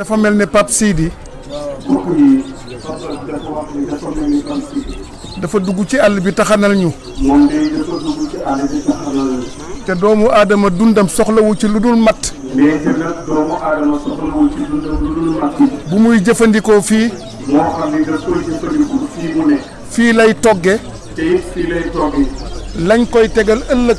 dafa mel ne Pape Sidi. dafa dugg ci àll bi taxanal ñu. moom dafa dugg ci àll bi taxanal ñu. te doomu aadama dundam soxlawu ci lu dul matt. mais ci dundam muy jëfandikoo fii. fii lay togge. fii lay togge. lañ koy tegal ëllëg.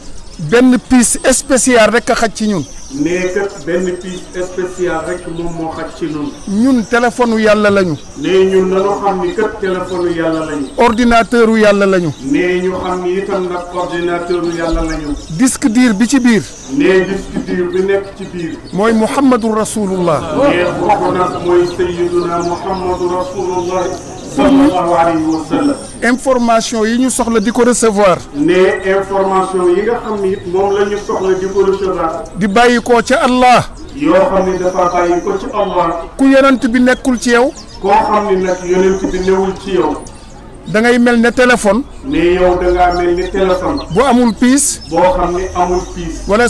benn piis spécial rek a xaj ci ñun. nee kat benn piis spécial rek moom moo xaj ci ñun. ñun téléphone yàlla lañu. nee ñun dañoo xam ni kat téléphone yàlla lañu. ordinateur u yàlla lañu. nee ñu xam ni itam nag ordinateur yàlla lañu. disque dur bi ci biir. nee disque dur bi nekk ci biir. mooy Muhammadu Rasulullah. nee bokk nag mooy Sayyiduna Muhammadu Rasulullah. information yi ñu soxla di recevoir. ne information yi nga xam ni soxla di recevoir. di Allah. dafa ci Allah. ku bi nekkul ci yow. bi ci yow. da ngay téléphone. ne yow da nga mel téléphone. Bo amul Bo amul wala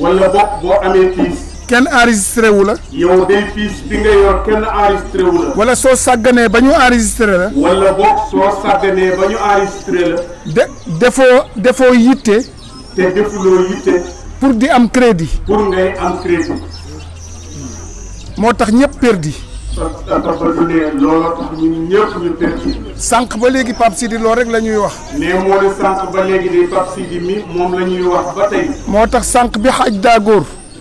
wala bo kenn enregistré wu la. yow day fiis bi nga yor kenn enregistré la. wala soo sàgganee ba ñu enregistré la. wala boog ñu enregistré la. de defoo defoo yitte. te defuloo yitte. pour di am crédit. pour ngay am crédit. moo tax ñëpp perdi. sanq ba léegi Pape Sidi lool rek la ñuy wax. ne moo ne sànq ba léegi de Pape Sidi mi moom la ñuy wax ba tey. moo tax sànq bi xaaj daa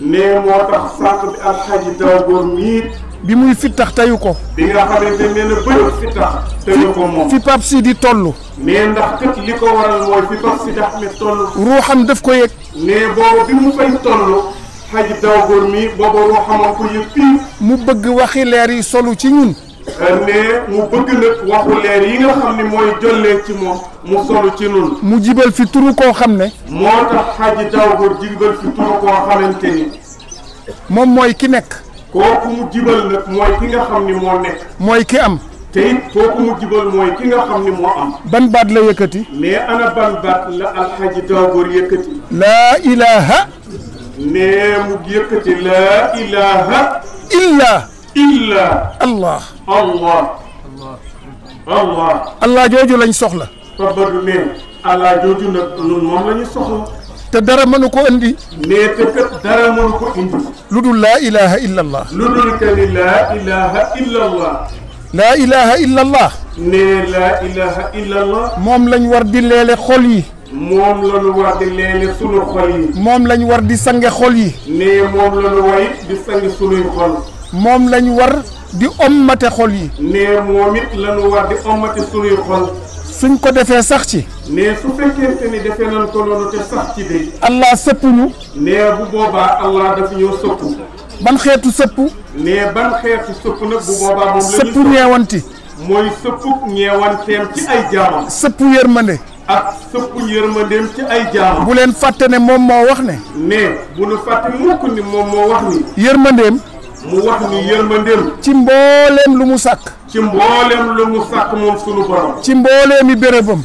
nee moo tax sànq bi alxaaji Dagoor miit bi muy fittax tayu ko bi nga xamante nee na bëri fittax teyu ko moom fi Pape Sidi toll nee ndax kat li ko waral mooy fi Pape Sidi Ahmed toll ruuxam daf ko yëg nee booba bi mu fay toll xaaji Dagoor mi booba ruuxamam ko yëg mu bëgg waxi leer yi solu ci ñun ne mu bëgg nag waxu leer yi nga xam ne mooy jollee ci moom mu solu ci nun mu jibal fi turu koo xam ne moo tax xaji dawgor jibal fi turu koo xamante ni moom mooy ki nekk kooku mu jibal nag mooy ki nga xam ni moo nekk mooy ki am te it kooku mu jibal mooy ki nga xam ni moo am ban baat la yëkkati mais ana ban baat la alxaji dawgor yëkkati laa ilaha ne mu yëkkati laa ilaha illa illa allah allah allah allah jooju lañ soxla لا إله إلا الله لا إله إلا الله لا إله إلا الله لا إله إلا الله موم لاني وار دي ليلي خول يي موم لاني وار دي سانغي خول يي موم لاني وار دي سانغي سوني خول موم لاني وار suñ ko defee sax ci. ne su fekkente ni defee nañ ko loolu te sax ci de. allah sëpp ñu. bu boobaa allah daf ñoo sëpp. ban xeetu sëpp. ne ban xeetu sëpp nag bu boobaa moom la ñuy sëpp ñeewanti. mooy sëpp ñeewanteem ci ay jaamam. sëpp yërmande. ak sëpp yërmandeem ci ay jaamam. bu leen fàtte ne moom moo wax ne. ne bu nu fàtte mukk ni moom moo wax ni. yërmandeem. mu wax ni yërmandeem ci mbooleem lu mu sàkk ci mbooleem lu mu sàkk moom sunu borom ci mbooleem i bérébam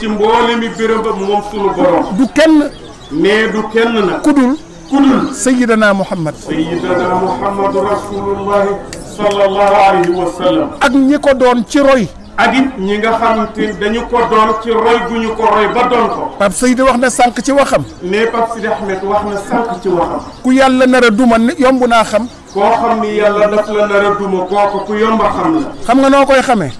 ci mbooleem i bérébam moom sunu borom du kenn ne du kenn nag kudul kudul sayidana muhammad sayidana muhammadu rasulullahi sallallahu alayhi wa sallam ak ñi ko doon ci roy ak ñi nga xam te dañu ko doon ci roy gu ñu ko roy ba doon ko Pape wax na sànq ci waxam ne Pape Seydi Ahmed wax na sànq ci waxam ku yàlla nar duma yomb naa xam koo xam ni yàlla daf la nar a duma kooku ku yomba xam la xam nga noo koy xamee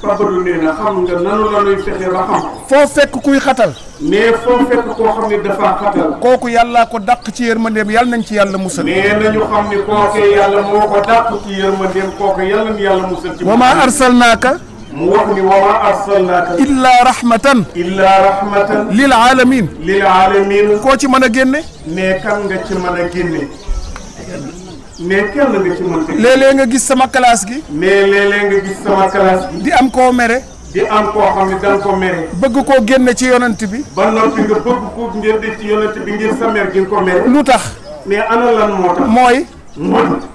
sabadu nee na xam nga nanu la nuy fexe ba xam foo fekk kuy xatal mais foo fekk koo xam ni dafa xatal kooku yàlla ko dàq ci yërmandeem yàlla nañ ci yàlla musal nee nañu xam ni kookee yàlla moo ko dàq ci yërmandeem kooku yàlla ni yàlla musal ci wa ma arsalnaaka mu wax ni wa ma arsalnaaka illa rahmatan illa rahmatan lil alamin lil alamin koo ci mën a génne mais kan nga ci mën a génne mais kenn nga ci mën léeg-léeg nga gis sama classe gi. mais léeg-léeg nga gis sama classe gi. di am koo mere. di am koo xam ne da nga ko mere. bëgg koo génne ci yonent bi. ba noppi nga bëgg koo génne ci yonent bi ngir sa mer gi nga ko mere. lu tax. mais ana lan moo tax. mooy.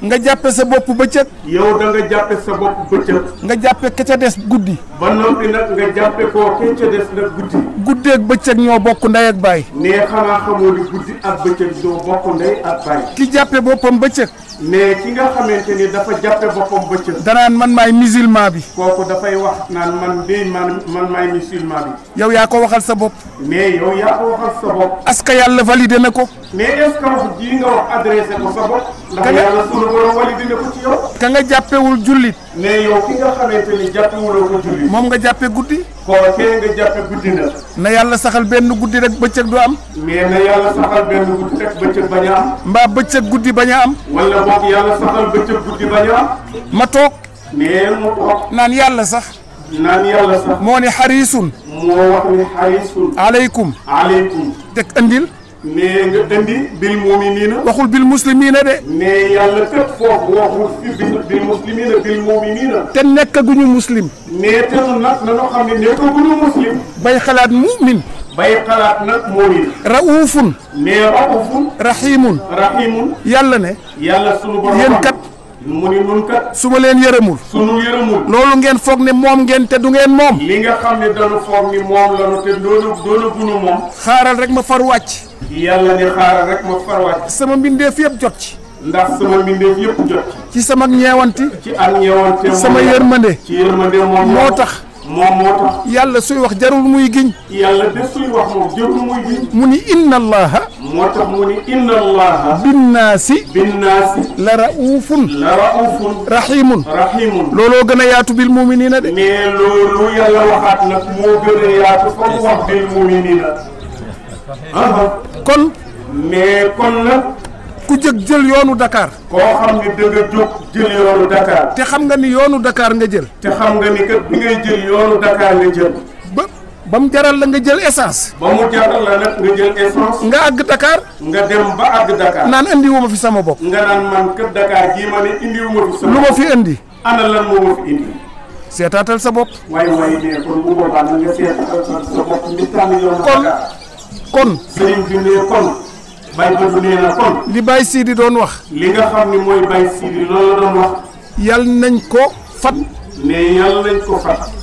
nga jàppe sa bopp bëccëg. yow da nga jàppe sa bopp bëccëg. nga jàppe ka ca des guddi. ba noppi nag nga jàppe koo ka ca des nag guddi. guddeeg bëccëg ñoo bokk ndey ak baay. ne xanaa xamoo ni guddi ak bëccëg ñoo bokk ndey ak baay. ki jàppe boppam bëccëg. mais ki nga xamante ni dafa jàppe boppam bëccëg. danaan man maay musulman bi. kooku dafay wax naan man de man man maay musulman bi. yow yaa ko waxal sa bopp. mais yow yaa ko waxal sa bopp. est que yàlla validé na ko. mais est ce que wax nga wax adressé ko sa bopp. ndax yàlla sunu borom wali dina ko ci yow. ka nga jàppewul jullit. mais yow ki nga xamante ni jàppewuloo ko jullit. moom nga jàppe guddi. kookee nga jàppe guddi na. na yàlla saxal benn guddi rek bëccëg du am. mais na yàlla saxal benn guddi bañ am. mbaa bëccëg guddi bañ am. wala boog yàlla ma toog. mais mu toog. naan yàlla sax. naan yàlla moo ne xariisun. moo wax ne xariisun. aleykum. aleykum. teg andil. nee nga indi bil muminina waxul bil muslimina de. nee yàlla kat foofu waxul fi bil muslimina bil muminina te nekkaguñu muslim. te nag nañoo xam ne muslim. bay xalaat mumin. bay xalaat nag mumin. raufun. nee raufun. rahimun. rahimun. yàlla ne. yàlla sunu borom yéen mu ni nun su ma leen yërëmul. sunu yërëmul. loolu ngeen foog ne moom ngeen te du ngeen moom. li nga xam ne dañu foog ni moom la te doona doona gunu moom. xaaral rek ma far wàcc. yàlla ne xaaral rek ma farwaat. sama mbindeef yëpp jot ci. ndax sama mbindeef yëpp jot ci. ci sama ñeewanti. ci ak ñeewante sama yërmande. ci yërmande moom moo tax. moom moo tax. yàlla suy wax jarul muy giñ. yàlla de suy wax moom jarul muy giñ. mu ni inna allaha. moo tax mu ni inna allaha. binnaasi. binnaasi. la raufun. la raufun. rahimun. rahimun. looloo gën a yaatu bil muminina de. mais loolu yàlla waxaat nag moo gën a yaatu comme wax bil muminina kon. mais kon nag. ku jëg jël yoonu dakaar koo xam ne dëgg a jóg jël yoonu Dakar. te xam nga ni yoonu Dakar nga jël. te xam nga ni kat bi ngay jël yoonu Dakar nga jël. ba mu jaral la nga jël essence. ba mu jaral nga jël essence. nga àgg Dakar. nga dem ba àgg Dakar. naan indiwu ma fi sama bopp. nga naan man kat Dakar gii ma ne indiwu ma fi sama bopp lu ma fi indi. ana la moo ma fi indi. sa bopp. waay waay seetaatal sa bopp. kon. kon. sëriñ bi ne kon. bay bu nee na kon. li Baye Sidi doon wax. li nga xam ni mooy Baye Sidi loolu doon wax. yal nañ ko fat.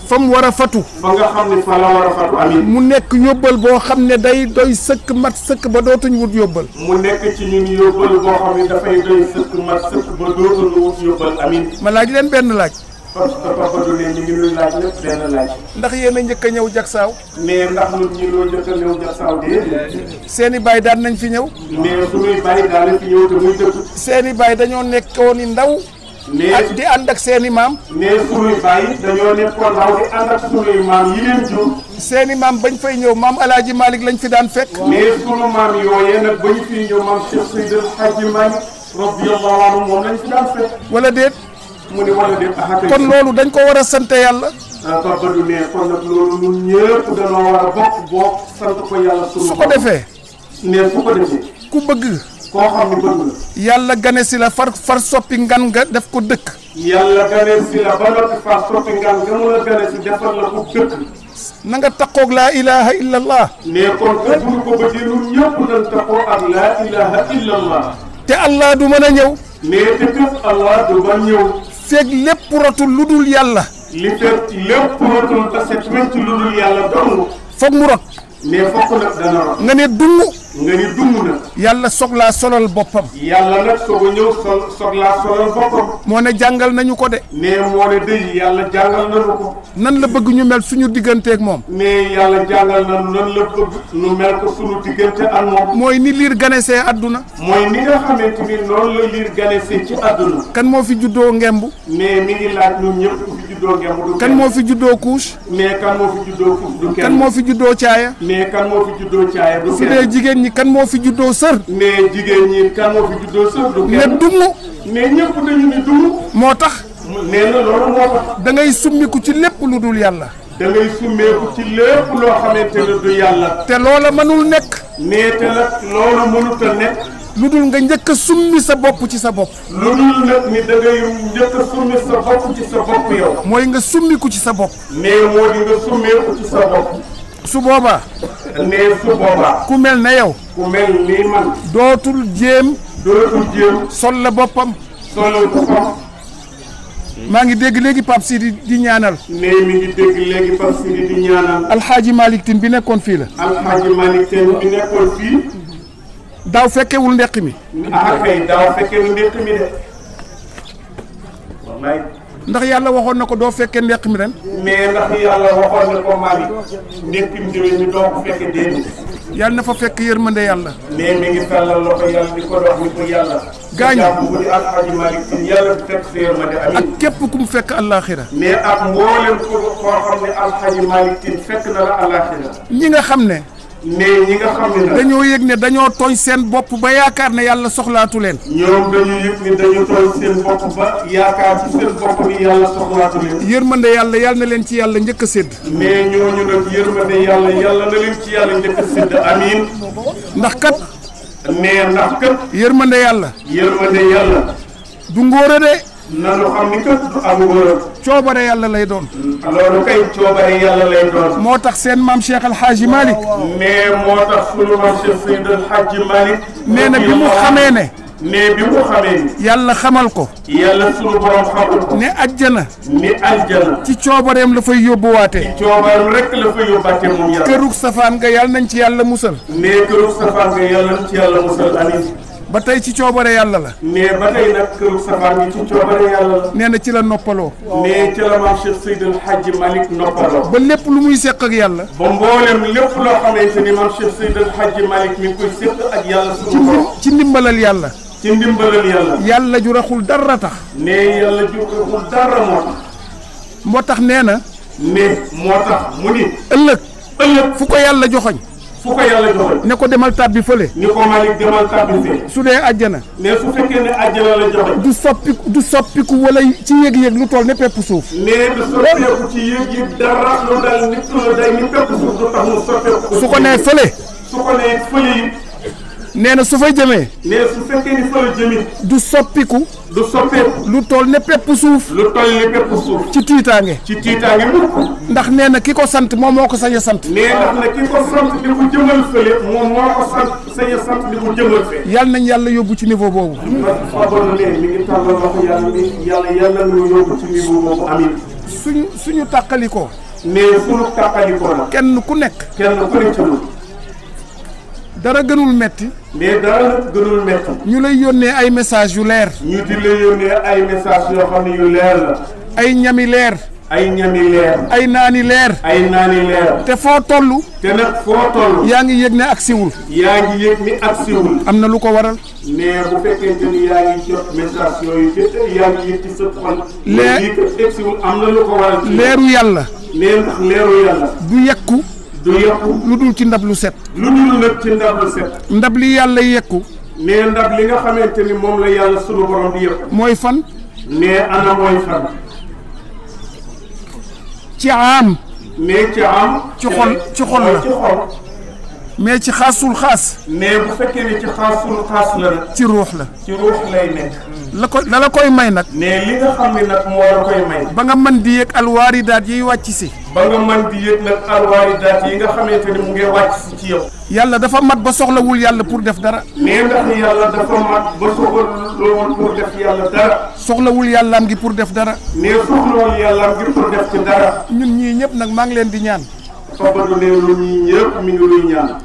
fa mu war fatu. ba mu nekk yóbbal boo xam ne day doy sëkk mat sëkk ba dootuñ wut yóbbal. mu nekk ci ñun yóbbal boo xam ne dafay doy sëkk mat sëkk ba dootuñ wut yóbbal amiin. ma laaj leen benn laaj. papa du ne ñu ndax yéen a njëkk a ñëw Jaksaaw. mais ndax ñun ñu loo njëkk a ñëw Jaksaaw de. seen daan nañ fi ñëw. mais suñuy baay daan nañ fi ñëw te baay dañoo nekkoon i ndaw. di ànd seen i maam. mais suñuy baay dañoo yi leen jur. bañ fay ñëw maam El Hadj lañ fi daan fekk. mais sunu maam yooyee nag bañ fiy ñëw maam Cheikh Seydil Hadji Malick radiyallahu anhu lañ fi daan fekk. wala déet. kon lolu dañ ko wara sante yalla ah, su ko defé ku bëgg ko xam ne bëgg yalla gané gane si la far far soppi ngan nga def ko dëkk yalla gané si la ba noppi far soppi ngan nga mo la gané si defal la ko dëkk na nga takkoog la ilaha illa allah ne ko ka bur ko bëgg lu ñëpp dañ takkoo ak la ilaha illa allah te allah du mëna a ñëw ne te allah du ba ñëw feeg lépp rotul lu dul yàlla. li feeg lépp rotul te set wecc lu dul yàlla dong. foog mu rot. mais foog na dana rot. nga ne dungu. nga ñu dund na. yàlla soglaa solal boppam. yàlla nag soog a ñëw sol soglaa solal boppam. moo ne jàngal nañu ko de. mais moo ne dëj yàlla jàngal nañu ko. nan la bëgg ñu mel suñu digganteeg moom. mais yàlla jàngal nañu nan la bëgg ñu mel ko suñu diggante ak moom. mooy ni liir ganesee àdduna. mooy ni nga xamante ni noonu la liir ganesee ci àdduna. kan moo fi juddoo ngemb. mais mi ngi laaj ñun ñëpp ku fi juddoo ngemb. du kan moo fi juddoo couche. mais kan moo fi juddoo caaya. su dee jigéen ñi moo fi juddoo sër. jigéen ñi kan moo fi juddoo sër. ne dumm. mais ñëpp dañu ni dumm. moo tax. nee na loolu moo tax. da ngay summiku ci lépp lu dul yàlla. dangay ngay ci lépp loo xamante ne du yàlla. te loola mënul nekk. nee te nag loola mënut nekk. lu dul nga njëkk a summi sa bopp ci sa bopp. lu dul nag ni da njëkk a summi sa bopp ci sa bopp yow. mooy nga summiku ci sa bopp. mais moo di nga summeeku ci sa bopp. su boobaa. nee ku mel ne yow. ku ni man. dootul jéem. sol la boppam. maa ngi dégg léegi Pape Sidi di ñaanal. nee ngi dégg léegi Pape Sidi di ñaanal. alxaaji Malick Tine bi nekkoon fii la. alxaaji Malick Tine bi nekkoon fii. daaw fekkewul ndeq mi. ah kay daaw fekkewul ndeq mi de. ndax yàlla waxon nako do fekke nek mi ren. mais ndax yàlla waxon nako ko nek mi jowe mi do fekke fekkee yàlla na fa fekk yërmande yàlla. mais mi ngi fallal loxo yàlla di ko dox ni yàlla. gaañu jàpp bu di alxaji Malick yàlla fekk sa yërmande amin ak kep kum mu fekk àllaaxira. mais ak mbolem ko mboolem koo al hadji alxaji Malick fekk na la alakhirah ñi nga xamne mais ñi nga xam ne nag. dañoo yëg ne dañoo tooñ seen bopp ba yaakaar ne yàlla soxlaatu leen. ñoom dañoo yëg ne dañoo tooñ seen bopp ba yaakaar ci seen bopp bi yàlla soxlaatu leen. yërmande yàlla yàlla na leen ci yàlla njëkk a sédd. mais ñooñu nag yërmande yàlla yàlla na leen ci yàlla njëkk a amiin. ndax kat. mais ndax kat. yërmande yàlla. yërmande yàlla. du ngóore nanu xam ni kat du am ngërëm coobare yàlla lay doon loolu kay coobare yàlla lay doon moo tax seen maam Cheikh Al Hadji Malick mais moo tax sunu maam Cheikh Seydi Al Hadji Malick nee na bi mu xamee ne mais bi mu xamee ni yàlla xamal ko yàlla sunu borom xamal ko ne ajjana ni ajjana ci coobareem la fay yóbbuwaatee ci coobareem rek la fay yóbbaatee moom yàlla kërug safaan nga yàlla nañ ci yàlla musal mais kërug safaan nga yàlla nañ ci yàlla musal amin ba tey ci coobare yàlla la. mais ba tey nag këru safaan yi ci coobare yàlla la. nee na ci la noppaloo. mais ci la maam Cheikh Seydil Hadji noppaloo. ba lépp lu muy seq ak yàlla. ba mboolem lépp loo xamante ni maam Cheikh Seydil Hadji Malick koy seq ak yàlla. suñu borom ci ndimbalal yàlla. ci ndimbalal yàlla. yàlla ju raxul dara tax. mais yàlla ju raxul dara moo tax. moo tax nee na. mais moo tax mu ni. ëllëg. ëllëg fu ko yàlla joxoñ fu ko yàlla ne ko demal tàbbi fële. ni ko Malick demal tàbbi su dee àjjana. mais su fekkee ne àjjana la joxoon. du soppiku du soppiku wala ci yëg-yëg lu toll ne pepp suuf. suuf du tax mu soppeeku. su ko nee fële. su ko nee nee na su fa jëmee. nee su fekkee ni fa la jëmee. du soppiku. du soppeeku. lu toll ne pepp suuf. lu toll ne pepp ci tiitaange. ci tiitaange ndax nee na ki ko sant moom moo ko sañ sant. nee na ne ki ko sant di ko jëmal fële. moom moo ko sant sañ a sant di ko jëmal fële. yal nañ yàlla yóbbu ci niveau boobu. xamoon ne su ñu yóbbu suñu suñu tàqalikoo. nee suñu tàqalikoo kenn ku nekk. ku nekk dara gënul metti mais dara gënul metti ñu lay yónnee ay message yu leer ñu di lay yónnee ay message yoo xam ne yu leer la ay ñami leer ay ñami naani leer ay naani leer te foo toll te nag foo toll yaa ngi yëg ne aksiwul siwul yaa ngi yëg ni ak am na lu ko waral mais bu yooyu te leeru yàlla leer leeru yàlla du yokku lu dul ci ndab lu set. lu dul nag ci ndab lu set. ndab li yàlla yekku. nee ndab li nga xamante ni moom la yàlla sunu borom di yekku. mooy fan. nee ana mooy fan. ci am. nee ci am. ci xol ci xol la mais ci xaasul xaas mais bu fekkee ne ci xaasul xaas la ci ruux la ci ruux lay nekk la ko la la koy may nag mais li nga xam ne nag moo la koy may ba nga man di yëg alwaaridaat yi wàcc si ba nga man di yëg nag alwaaridaat yi nga xamante ni mu ngi wàcc si ci yow yàlla dafa mat ba soxlawul yàlla pour def dara mais ndax yàlla dafa mat ba soxlawul pour def yàlla dara soxlawul am gi pour def dara mais soxlawul am gi pour def ci dara ñun ñii ñëpp nag maa ngi leen di ñaan fa ba fabadu ne lu ñii ñëpp mi ngi luy ñaan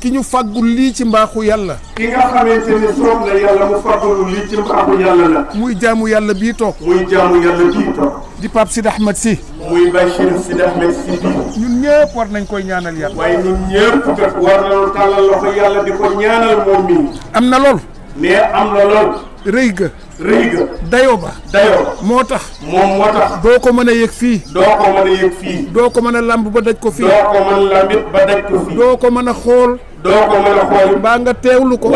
ki ñu fagul li ci mbaxu yalla ki nga xamante soom la yalla mu fagul li ci mbaxu yalla la muy jaamu yalla bi tok muy jaamu yalla bi tok di pap Sid Ahmed si muy bashir Sid Ahmed si bii ñun ñepp war nañ koy ñaanal yalla way ñun ñepp def war nañu talal loxo yalla di ko ñaanal moom mi amna na lool mais am na lool rëy ga reuy ga dayo ba dayo motax mom motax do ko meuna yek fi do ko meuna yek fi do ko meuna lamb ba daj ko fi do ko meuna lambit ba daj ko fi do ko meuna xol doo ko mën a xool. mbaa nga teew lu ko.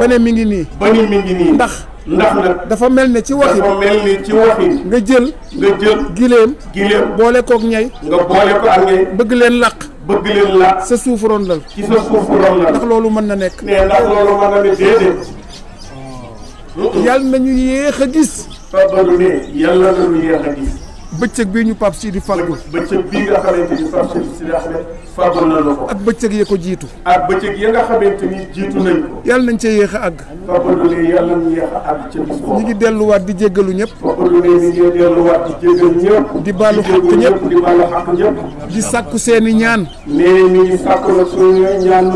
ba ne mi ngi nii. ba ni mi ngi nii. ndax. ndax nag dafa mel ne ci waxi. dafa mel ni ci waxi. nga jël. nga jël gileem. gileem boole kook ñay. nga boole ko ak ñay. bëgg leen laq. bëgg leen laq. sa suuf rondal. ci sa suuf rondal. ndax loolu mën na nekk. mais ndax loolu mën na ne déedéet. yàlla nañu yéex a gis. a gis. bëccëg bii ñu Pape Sidi fàggu bëccëg bii nga xamante ni Pape Sidi Ahmed fàggul na ko ak bëccëg ya ko jiitu ak bëccëg ya nga xamante ni nañ ko yàlla nañ ca yéex a àgg fàggul na ne yàlla nañ yéex a àgg ca bis di jéggalu ñëpp ngi di jéggalu ñëpp di baalu xàq ñëpp di baalu xàq ñëpp di sàkku seen ñaan nee ñu ngi suñu ñaan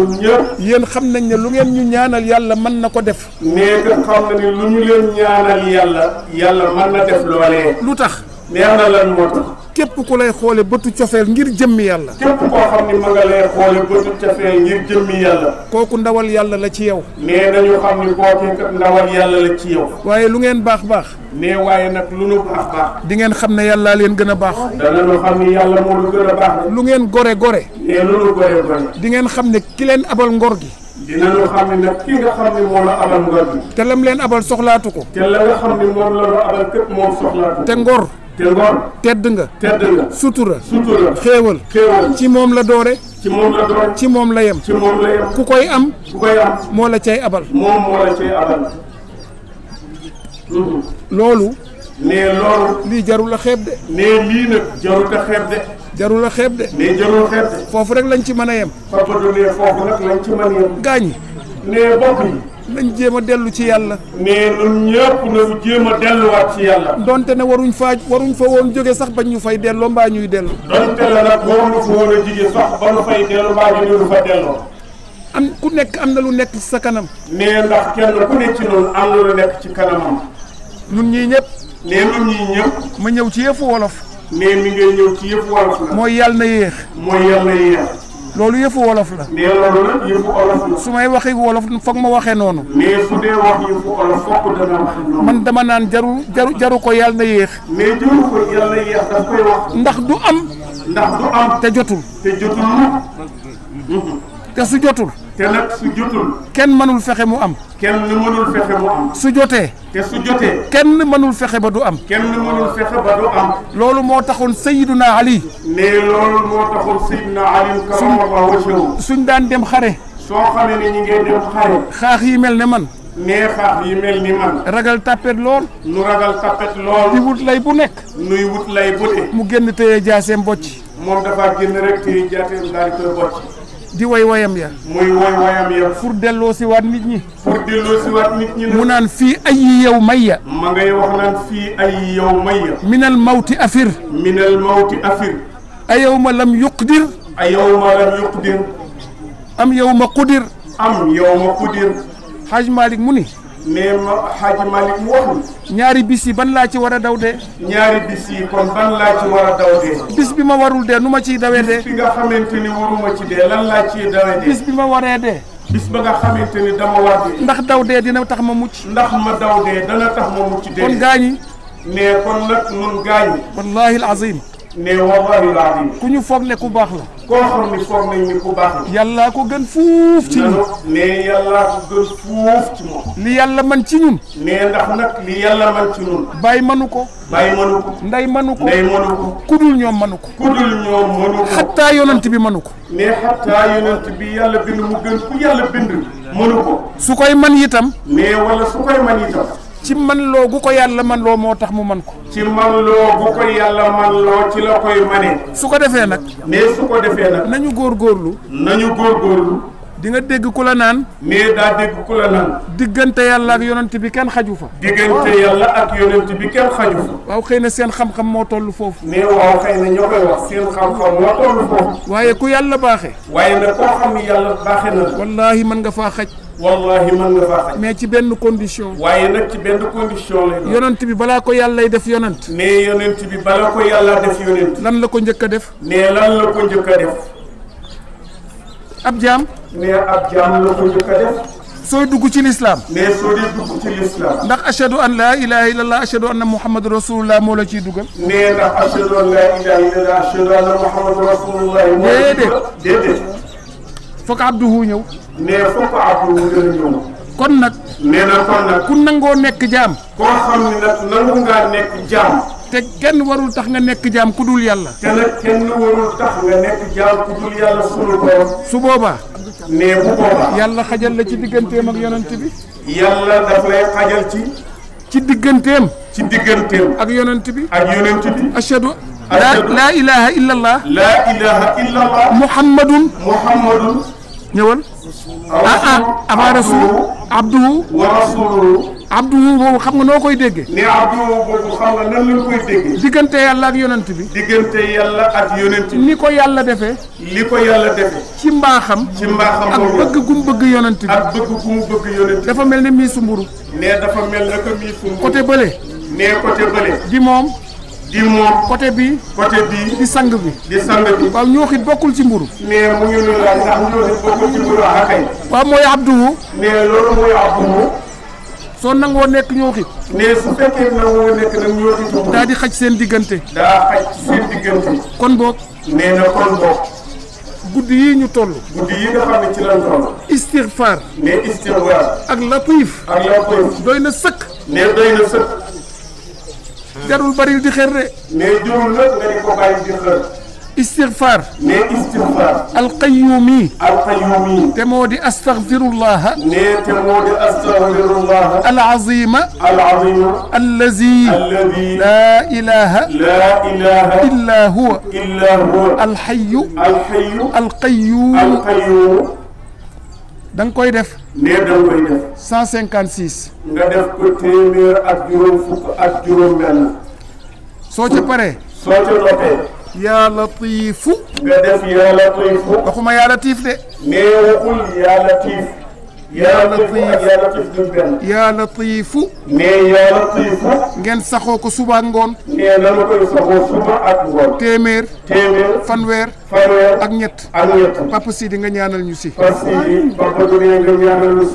ñëpp xam nañ ne lu ngeen ñu ñaanal def nee nga xam ne lu ñu leen ñaanal na def loolee neex na lan moo tax. képp ku lay xoole bëtu cofeel ngir jëmm yàlla. képp koo xam ni ma nga lay xoole bëtu cofeel ngir jëmmi yàlla. kooku ndawal yàlla la ci yow. nee nañu xam ni kooku kat ndawal yàlla la ci yow. waaye lu ngeen baax baax. nee waaye nag lu nu baax baax. di ngeen xam ne yàllaa leen gën a baax. danañu xam ni yàlla moo lu gën a baax. lu ngeen gore gore. nee lu nu gore gore. di ngeen xam ne ki leen abal ngor gi. dinañu xam ne nag kii nga xam ne moom la leen abal soxlaatu ko. te la nga xam ne moom te ngoon tedd nga. tedd nga sutura. sutura xéewal. ci moom la doore. ci moom la doore ci moom la yem. ci moom ku koy am. ku koy am moo la cay abal. moom moo la cay abal. loolu. nee loolu. lii jarul a xeeb de. nee lii nag jarul a xeeb de. jarul a xeeb de. foofu rek lañ ci mën a yem. a gaañ. nee bokk yi. nañ jéem a dellu ci yàlla ne ñun ñëpp nañu jéem a delluwaat ci yàlla donte ne waruñ faa waruñ fa woon jóge sax bañ ñu fay delloo mbaa ñuy dellu donte la nag waruñu fa woon a jóge sax ba ñu fay dellu mbaa ñu fa am ku nekk am na lu nekk ci sa kanam ne ndax kenn ku ne ci noonu am na lu nekk ci kanamam ñun ñii ñëpp ne ñun ñii ñëpp ma ñëw ci yëfu wolof ne mi ngay ñëw ci yëfu wolof la mooy yàlla na yéex mooy yàlla yéex loolu yëfu wolof la. nee loolu nag yëfu wolof la. su may waxee wolof foog ma waxee noonu. mais su dee wax yëfu wolof foog dana wax noonu. man dama naan jaru jaru jaru ko yàlla na yéex. mais jaru ko yàlla na yéex daf koy wax. ndax du am. ndax du am. te jotul. te jotul te su jotul. te nag su jotul. kenn mënul fexe mu am. kenn mënul fexe mu am. su jotee. te su jotee. kenn mënul fexe ba du am. kenn mënul fexe ba du am. loolu moo taxoon Sayyiduna Ali. ne loolu moo taxoon Sayyiduna Ali. suñ daan dem xare. soo xamee ne ñu ngi dem xare. xaax yi mel ne man. nee xaax yi mel ni man. ragal tapet lool. nu ragal tapet lool. di wut lay bu nekk. nuy wut lay bu ne. mu génn téye jaaseem bocc. moom dafa génn rek téye jaaseem daal di koy bocc. di way ya muy way ya pour delloo si waat nit ñi pour delloo waat nit ñi mu naan fii ay yow may ya ma ngay wax naan fii ay yow may ya minal mawti afir minal mawti afir a yow ma lam yuqdir a yow ma lam yuqdir am yow ma qudir am yow ma qudir xaaj Malick mu ni même Hadj Malick wax ñaari bis ban la ci wara dawde daw dee ñaari bis kon ban la ci wara dawde bis bi ma warul de numa ci dawé de dee bis bi nga xamanteni waruma ci de lan la ci dawé de bis bi ma waré de bis ba nga xamanteni dama war de ndax dawde dina tax ma mucc ndax ma dawde dana tax ma mucc de kon gañi mais kon nak mun gañi wallahi alazim ne wallahi laadim ku ñu foog ne ku baax la koo xam ne foog nañ ni ku baax la yàllaa ko gën fuuf ci ñun ne yàllaa ko gën fuuf ci moom li yàlla man ci ñun ne ndax nag li yàlla man ci ñun bàyyi manu ko bàyyi manu ko nday manu ko nday manu ko kudul ñoom manu ko kudul ñoom manu ko xattaa yonent bi manu ko ne xattaa yonent bi yàlla bind mu gën ku yàlla bind manu ko su koy man itam ne wala su koy man itam ci man loo gu ko yàlla man loo moo tax mu man ko ci man loo gu ko yàlla man loo ci la koy manee su ko defee nag mais su ko defee nag nañu góorgóorlu nañu góorgóorlu di dégg ku la naan. nee daa dégg ku la naan. diggante yàlla ak yonent bi kenn xaju fa. diggante yàlla ak yonent bi kenn xaju fa. waaw xëy na seen xam-xam moo toll foofu. nee waaw xëy na ñoo koy wax seen xam-xam moo toll foofu. waaye ku yàlla baaxee. waaye nag koo xam ni yàlla baaxee na la. wallaahi mën nga faa xaj. wallahi mën nga faa xaj. mais ci benn condition. waaye nag ci benn condition lay doon. yonent bi balaa ko yàllay def yonent. nee yonent bi balaa ko yàlla la ko njëkk def. nee lan la ko ab jaam. nee ab jaam la ko njëkk a def. sooy dugg ci lislaam. nee soo dee dugg ci lislaam. ndax ashadu an laa ilaha illallah ashadu anna muhammadu rasulullah moo la ciy dugal. nee ndax ashadu an laa ilaha illallah ashadu anna muhammadu rasulullah. moo la ciy dugal déedéet. foog abduhu ñëw. nee foog abduhu dana ñëw. kon nag. nee na kon nag. ku nangoo nekk jaam. koo xam ne nag nangu ngaa nekk jaam. te kenn warul tax nga nekk jaam ku dul yàlla. te kenn warul tax nga nekk jaam ku dul yàlla su boobaa. nee bu boobaa. yàlla xajal la ci digganteem ak yonent bi. yàlla daf lay xajal ci. ci digganteem. ci digganteem. ak yonent bi. ak yonent bi. ashadu. ashadu laa ilaha illallah. laa ilaha illallah. Ah, ah, abaa rasul abduhu wa abdu boobu xam nga noo koy déggee ne abdu boobu xam nga nan lañ koy déggee diggante yàlla ak yonent bi diggante yàlla ak yonent bi ni ko yàlla defee li ko yàlla defee ci mbaaxam ci mbaaxam ak bëgg gu mu bëgg yonent bi ak bëgg gu bëgg yonent bi dafa mel ne mii sumburu ne dafa mel ne que mii sumburu bële ne côté bële di moom di moom côté bi côté bi di sang bi di sang bi waaw ñooxit bokkul ci mburu mais mu ngi lu la ndax ñooxit bokkul ci mburu akay waaw soo nangoo nekk ñoo xi ne su fekkee nangoo nekk nag ñoo xi boobu daa di xaj seen diggante daa kon boog nee na kon boog guddi yi ñu toll guddi yi nga xam ne ci lañ toll istigfaar ne istigfaar ak latiif ak latiif doy na sëkk ne doy na sëkk jarul baril di xër ne jarul nag nga di ko bàyyi di xër استغفار القيومي القيومي تمودي استغفر الله تمودي استغفر الله العظيم العظيم الذي الذي لا اله لا اله الا هو الا هو الحي الحي القيوم القيوم دنكوي ديف ني دنكوي ديف 156 nga def ko témèr ak juroom fukk ak juroom ben so ci paré so yaa latiifu nga def yaa latiifu waxuma yaa latiif de yaa latiif yaa latiif yaa latiif du ngeen saxoo ko suba ngoon mais nanu koy saxoo téeméer téeméer ak ñett ak ñett nga ñaanal ñu si Papa Sidi nga ñaanal ñu si